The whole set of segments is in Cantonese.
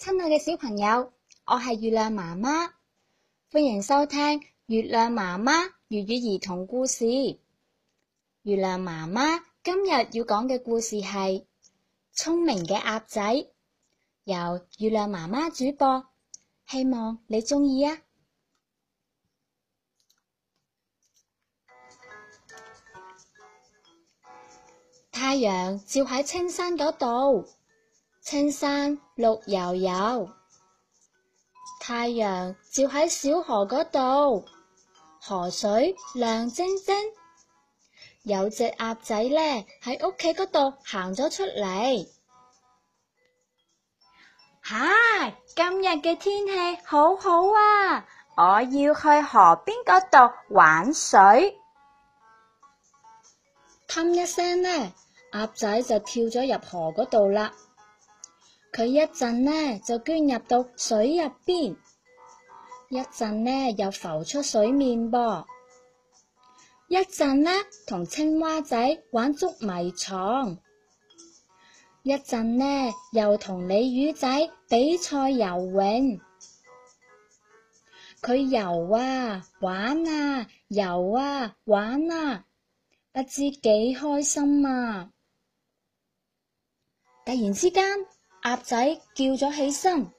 親愛嘅小朋友，我係月亮媽媽，歡迎收聽月亮媽媽粵語兒童故事。月亮媽媽今日要講嘅故事係聰明嘅鴨仔，由月亮媽媽主播，希望你鍾意啊！太陽照喺青山嗰度。青山綠油油，太陽照喺小河嗰度，河水亮晶晶。有隻鴨仔呢喺屋企嗰度行咗出嚟，吓！今日嘅天氣好好啊，我要去河邊嗰度玩水。唞一聲呢，鴨仔就跳咗入河嗰度啦。佢一陣呢就捐入到水入邊，一陣呢又浮出水面噃，一陣呢同青蛙仔玩捉迷藏，一陣呢又同鯉魚仔比賽游泳。佢游啊玩啊游啊玩啊，不知幾開心啊！突然之間。鴨仔叫咗起身，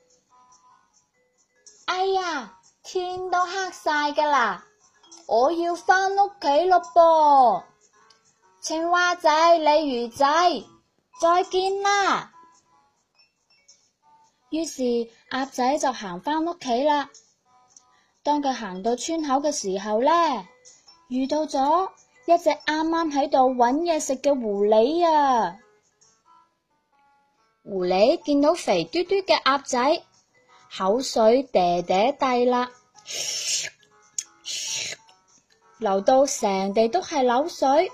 哎呀，天都黑晒噶啦，我要返屋企咯噃！青蛙仔、鯉魚仔，再見啦！於是鴨仔就行返屋企啦。當佢行到村口嘅時候呢，遇到咗一隻啱啱喺度揾嘢食嘅狐狸啊！狐狸見到肥嘟嘟嘅鴨仔，口水嗲嗲低啦，流到成地都係柳水。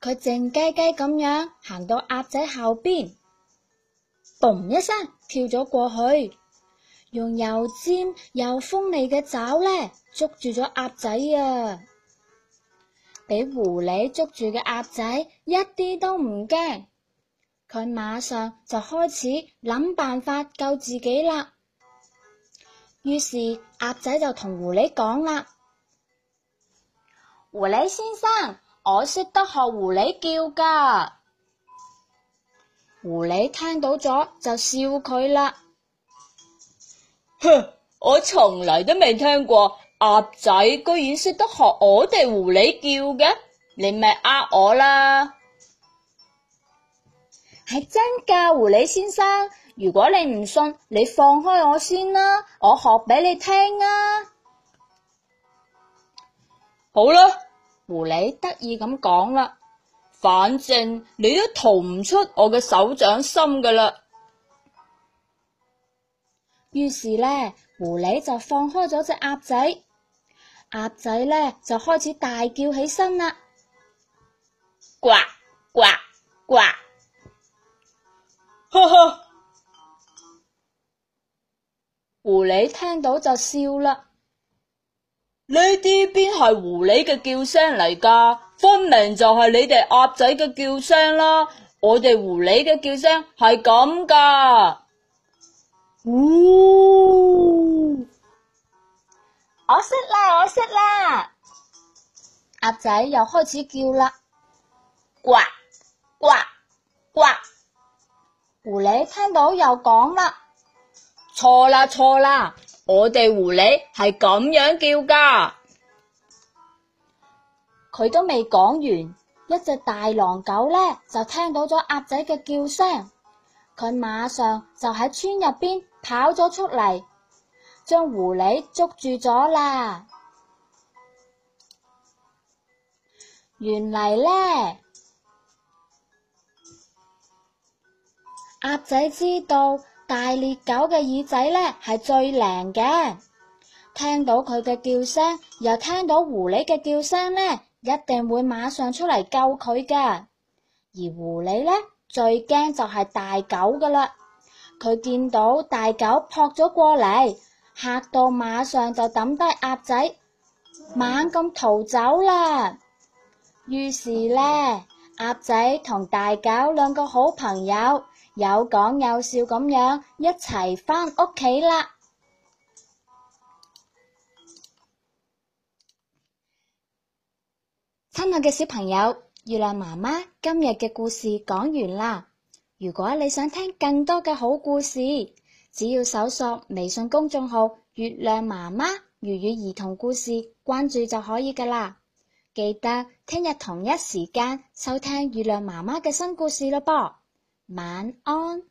佢靜雞雞咁樣行到鴨仔後邊，嘣一聲跳咗過去，用又尖又鋒利嘅爪咧捉住咗鴨仔啊！俾狐狸捉住嘅鴨仔一啲都唔驚。佢馬上就開始諗辦法救自己啦。於是鴨仔就同狐狸講啦：狐狸先生，我識得學狐狸叫噶。狐狸聽到咗就笑佢啦：哼，我從來都未聽過鴨仔居然識得學我哋狐狸叫嘅，你咪呃我啦！係真噶，狐狸先生。如果你唔信，你放開我先啦，我學俾你聽啊！好啦，狐狸得意咁講啦，反正你都逃唔出我嘅手掌心噶啦。於是呢，狐狸就放開咗隻鴨仔，鴨仔呢，就開始大叫起身啦，呱呱呱！哈哈， 狐狸聽到就笑啦。呢啲邊係狐狸嘅叫聲嚟噶？分明就係你哋鴨仔嘅叫聲啦。我哋狐狸嘅叫聲係咁噶。嗚、哦，我識啦，我識啦。鴨仔又開始叫啦，呱呱呱。狐狸聽到又講啦，錯啦錯啦，我哋狐狸係咁樣叫噶。佢都未講完，一隻大狼狗呢就聽到咗鴨仔嘅叫聲，佢馬上就喺村入邊跑咗出嚟，將狐狸捉住咗啦。原嚟呢，鴨仔知道大獵狗嘅耳仔呢係最靈嘅，聽到佢嘅叫聲，又聽到狐狸嘅叫聲呢，一定會馬上出嚟救佢噶。而狐狸呢，最驚就係大狗噶啦，佢見到大狗撲咗過嚟，嚇到馬上就抌低鴨仔，猛咁逃走啦。於是呢。鴨仔同大狗兩個好朋友有講有笑咁樣一齊返屋企喇！親愛嘅小朋友，月亮媽媽今日嘅故事講完喇。如果你想聽更多嘅好故事，只要搜索微信公眾號“月亮媽媽”粵語兒童故事，關注就可以㗎喇。記得聽日同一時間收聽月亮媽媽嘅新故事咯，噃，晚安。